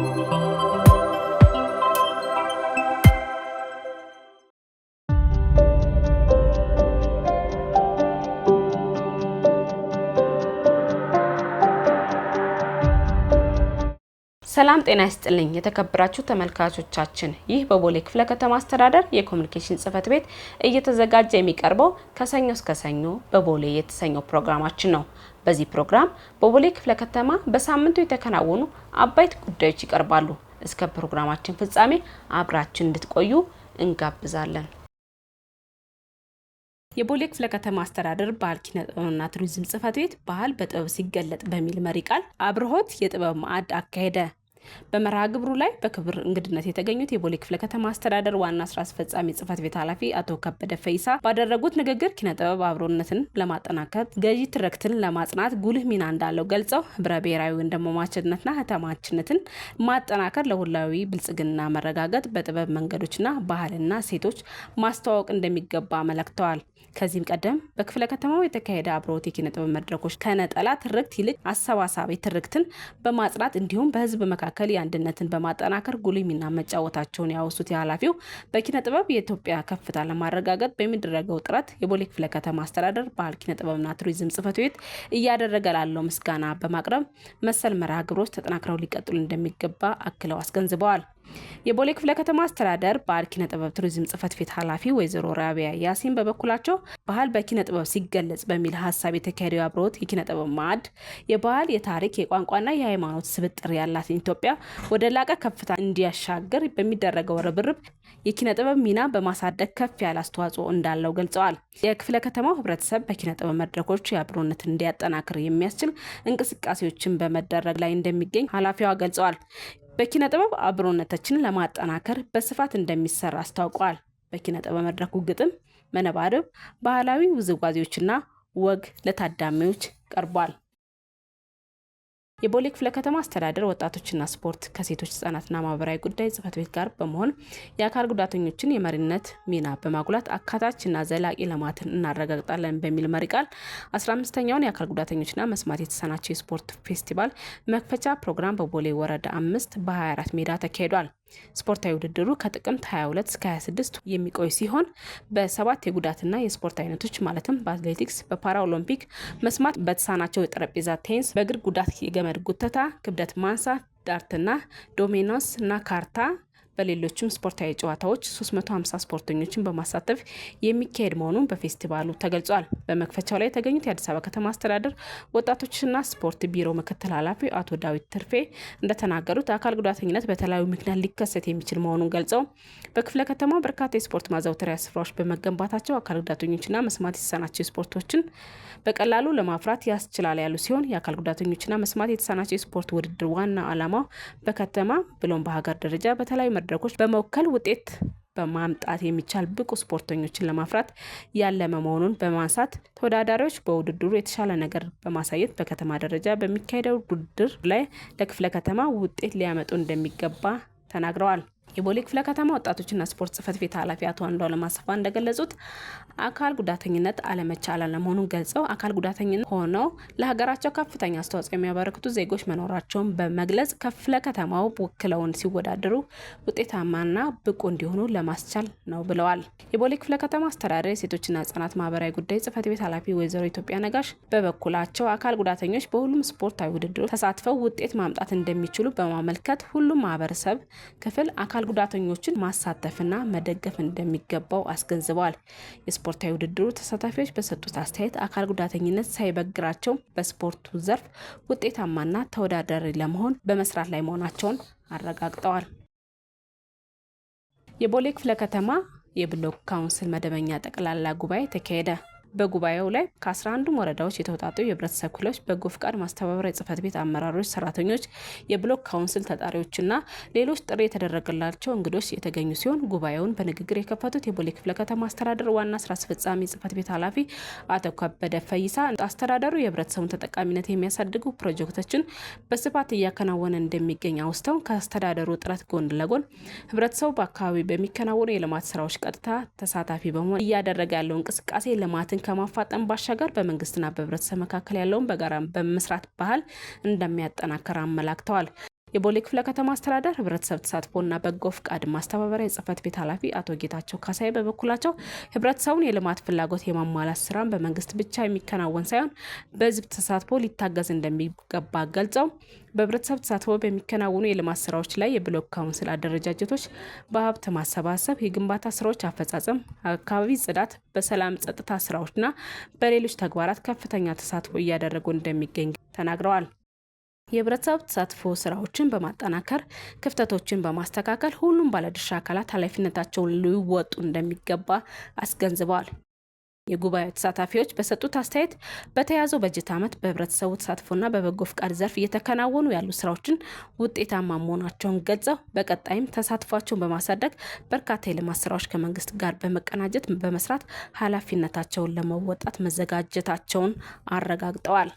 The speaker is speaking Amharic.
Thank you. ሰላም ጤና ይስጥልኝ የተከበራችሁ ተመልካቾቻችን፣ ይህ በቦሌ ክፍለ ከተማ አስተዳደር የኮሚኒኬሽን ጽህፈት ቤት እየተዘጋጀ የሚቀርበው ከሰኞ እስከ ሰኞ በቦሌ የተሰኘው ፕሮግራማችን ነው። በዚህ ፕሮግራም በቦሌ ክፍለ ከተማ በሳምንቱ የተከናወኑ አበይት ጉዳዮች ይቀርባሉ። እስከ ፕሮግራማችን ፍጻሜ አብራችን እንድትቆዩ እንጋብዛለን። የቦሌ ክፍለ ከተማ አስተዳደር ባህል ኪነ ጥበብና ቱሪዝም ጽህፈት ቤት ባህል በጥበብ ሲገለጥ በሚል መሪ ቃል አብርሆት የጥበብ ማዕድ አካሄደ። በመርሃ ግብሩ ላይ በክብር እንግድነት የተገኙት የቦሌ ክፍለ ከተማ አስተዳደር ዋና ስራ አስፈጻሚ ጽህፈት ቤት ኃላፊ አቶ ከበደ ፈይሳ ባደረጉት ንግግር ኪነጥበብ አብሮነትን ለማጠናከር፣ ገዢ ትርክትን ለማጽናት ጉልህ ሚና እንዳለው ገልጸው ህብረ ብሔራዊ ወንድማማችነትና እህትማማችነትን ማጠናከር ለሁላዊ ብልጽግና መረጋገጥ በጥበብ መንገዶችና ባህልና ሴቶች ማስተዋወቅ እንደሚገባ አመለክተዋል። ከዚህም ቀደም በክፍለ ከተማው የተካሄደ አብሮት የኪነ ጥበብ መድረኮች ከነጠላ ትርክት ይልቅ አሰባሳቢ ትርክትን በማጽናት እንዲሁም በህዝብ መካከል የአንድነትን በማጠናከር ጉልህ ሚና መጫወታቸውን ያወሱት የኃላፊው በኪነ ጥበብ የኢትዮጵያ ከፍታ ለማረጋገጥ በሚደረገው ጥረት የቦሌ ክፍለ ከተማ አስተዳደር ባህል ኪነ ጥበብና ቱሪዝም ጽሕፈት ቤት እያደረገ ላለው ምስጋና በማቅረብ መሰል መርሃ ግብሮች ተጠናክረው ሊቀጥሉ እንደሚገባ አክለው አስገንዝበዋል። የቦሌ ክፍለ ከተማ አስተዳደር ባህል ኪነ ጥበብ ቱሪዝም ጽህፈት ቤት ኃላፊ ወይዘሮ ራቢያ ያሲን በበኩላቸው ባህል በኪነ ጥበብ ሲገለጽ በሚል ሀሳብ የተካሄደው አብሮት የኪነ ጥበብ ማዕድ የባህል የታሪክ የቋንቋና የሃይማኖት ስብጥር ያላትን ኢትዮጵያ ወደ ላቀ ከፍታ እንዲያሻገር በሚደረገው ርብርብ የኪነ ጥበብ ሚና በማሳደግ ከፍ ያለ አስተዋጽኦ እንዳለው ገልጸዋል። የክፍለ ከተማው ህብረተሰብ በኪነ ጥበብ መድረኮች የአብሮነትን እንዲያጠናክር የሚያስችል እንቅስቃሴዎችን በመደረግ ላይ እንደሚገኝ ኃላፊዋ ገልጸዋል። በኪነ ጥበብ አብሮነታችንን ለማጠናከር በስፋት እንደሚሰራ አስታውቋል። በኪነ ጥበብ መድረኩ ግጥም፣ መነባንብ፣ ባህላዊ ውዝዋዜዎችና ወግ ለታዳሚዎች ቀርቧል። የቦሌ ክፍለ ከተማ አስተዳደር ወጣቶችና ስፖርት ከሴቶች ህጻናትና ማህበራዊ ጉዳይ ጽህፈት ቤት ጋር በመሆን የአካል ጉዳተኞችን የመሪነት ሚና በማጉላት አካታችና ዘላቂ ልማትን እናረጋግጣለን በሚል መሪ ቃል 15ኛውን የአካል ጉዳተኞችና መስማት የተሳናቸው የስፖርት ፌስቲቫል መክፈቻ ፕሮግራም በቦሌ ወረዳ አምስት በ24 ሜዳ ተካሂዷል። ስፖርታዊ ውድድሩ ከጥቅምት 22 እስከ 26 የሚቆይ ሲሆን በሰባት የጉዳትና የስፖርት አይነቶች ማለትም በአትሌቲክስ፣ በፓራኦሎምፒክ፣ መስማት በተሳናቸው የጠረጴዛ ቴኒስ፣ በእግር ጉዳት የገመድ ጉተታ፣ ክብደት ማንሳት፣ ዳርትና ዶሜኖስ እና ካርታ በሌሎችም ስፖርታዊ ጨዋታዎች 350 ስፖርተኞችን በማሳተፍ የሚካሄድ መሆኑን በፌስቲቫሉ ተገልጿል። በመክፈቻው ላይ የተገኙት የአዲስ አበባ ከተማ አስተዳደር ወጣቶችና ስፖርት ቢሮ ምክትል ኃላፊ አቶ ዳዊት ትርፌ እንደተናገሩት አካል ጉዳተኝነት በተለያዩ ምክንያት ሊከሰት የሚችል መሆኑን ገልጸው በክፍለ ከተማ በርካታ የስፖርት ማዘውተሪያ ስፍራዎች በመገንባታቸው አካል ጉዳተኞችና መስማት የተሳናቸው ስፖርቶችን በቀላሉ ለማፍራት ያስችላል ያሉ ሲሆን የአካል ጉዳተኞችና መስማት የተሳናቸው የስፖርት ውድድር ዋና ዓላማው በከተማ ብሎም በሀገር ደረጃ በተለያዩ መድረኮች በመወከል ውጤት በማምጣት የሚቻል ብቁ ስፖርተኞችን ለማፍራት ያለመ መሆኑን በማንሳት ተወዳዳሪዎች በውድድሩ የተሻለ ነገር በማሳየት በከተማ ደረጃ በሚካሄደው ውድድር ላይ ለክፍለ ከተማ ውጤት ሊያመጡ እንደሚገባ ተናግረዋል የቦሌ ክፍለ ከተማ ወጣቶችና ስፖርት ጽህፈት ቤት ኃላፊ አቶ አንዷለም አሰፋ እንደገለጹት አካል ጉዳተኝነት አለመቻል ለመሆኑን ገልጸው አካል ጉዳተኝነት ሆነው ለሀገራቸው ከፍተኛ አስተዋጽኦ የሚያበረክቱ ዜጎች መኖራቸውን በመግለጽ ክፍለ ከተማው ወክለውን ሲወዳደሩ ውጤታማና ብቁ እንዲሆኑ ለማስቻል ነው ብለዋል። የቦሌ ክፍለ ከተማ አስተዳደር የሴቶችና ህጻናት ማህበራዊ ጉዳይ ጽህፈት ቤት ኃላፊ ወይዘሮ ኢትዮጵያ ነጋሽ በበኩላቸው አካል ጉዳተኞች በሁሉም ስፖርታዊ ውድድሮች ተሳትፈው ውጤት ማምጣት እንደሚችሉ በማመልከት ሁሉም ማህበረሰብ ክፍል አካል አካል ጉዳተኞችን ማሳተፍና መደገፍ እንደሚገባው አስገንዝበዋል። የስፖርታዊ ውድድሩ ተሳታፊዎች በሰጡት አስተያየት አካል ጉዳተኝነት ሳይበግራቸው በስፖርቱ ዘርፍ ውጤታማና ተወዳዳሪ ለመሆን በመስራት ላይ መሆናቸውን አረጋግጠዋል። የቦሌ ክፍለ ከተማ የብሎክ ካውንስል መደበኛ ጠቅላላ ጉባኤ ተካሄደ። በጉባኤው ላይ ከ11ዱም ወረዳዎች የተውጣጡ የህብረተሰብ ክፍሎች፣ በጎ ፍቃድ ማስተባበሪያ ጽህፈት ቤት አመራሮች፣ ሰራተኞች፣ የብሎክ ካውንስል ተጣሪዎችና ሌሎች ጥሪ የተደረገላቸው እንግዶች የተገኙ ሲሆን ጉባኤውን በንግግር የከፈቱት የቦሌ ክፍለ ከተማ አስተዳደር ዋና ስራ አስፈጻሚ ጽህፈት ቤት ኃላፊ አቶ ከበደ ፈይሳ አስተዳደሩ የህብረተሰቡን ተጠቃሚነት የሚያሳድጉ ፕሮጀክቶችን በስፋት እያከናወነ እንደሚገኝ አውስተው ከአስተዳደሩ ጥረት ጎን ለጎን ህብረተሰቡ በአካባቢ በሚከናወኑ የልማት ስራዎች ቀጥታ ተሳታፊ በመሆን እያደረገ ያለው እንቅስቃሴ ልማትን ከማፋጠን ባሻገር በመንግስትና በህብረተሰብ መካከል ያለውን በጋራ በመስራት ባህል እንደሚያጠናክር አመላክተዋል። የቦሌ ክፍለ ከተማ አስተዳደር ህብረተሰብ ተሳትፎና በጎ ፍቃድ ማስተባበሪያ የጽህፈት ቤት ኃላፊ አቶ ጌታቸው ካሳይ በበኩላቸው ህብረተሰቡን የልማት ፍላጎት የማሟላት ስራን በመንግስት ብቻ የሚከናወን ሳይሆን በህዝብ ተሳትፎ ሊታገዝ እንደሚገባ ገልጸው በህብረተሰብ ተሳትፎ በሚከናወኑ የልማት ስራዎች ላይ የብሎክ ካውንስል አደረጃጀቶች በሀብት ማሰባሰብ፣ የግንባታ ስራዎች አፈጻጸም፣ አካባቢ ጽዳት፣ በሰላም ጸጥታ ስራዎችና በሌሎች ተግባራት ከፍተኛ ተሳትፎ እያደረጉ እንደሚገኝ ተናግረዋል። የህብረተሰብ ተሳትፎ ስራዎችን በማጠናከር ክፍተቶችን በማስተካከል ሁሉም ባለድርሻ አካላት ኃላፊነታቸውን ሊወጡ እንደሚገባ አስገንዝበዋል። የጉባኤው ተሳታፊዎች በሰጡት አስተያየት በተያዘው በጀት ዓመት በህብረተሰቡ ተሳትፎና በበጎ ፍቃድ ዘርፍ እየተከናወኑ ያሉ ስራዎችን ውጤታማ መሆናቸውን ገልጸው በቀጣይም ተሳትፏቸውን በማሳደግ በርካታ የልማት ስራዎች ከመንግስት ጋር በመቀናጀት በመስራት ኃላፊነታቸውን ለመወጣት መዘጋጀታቸውን አረጋግጠዋል።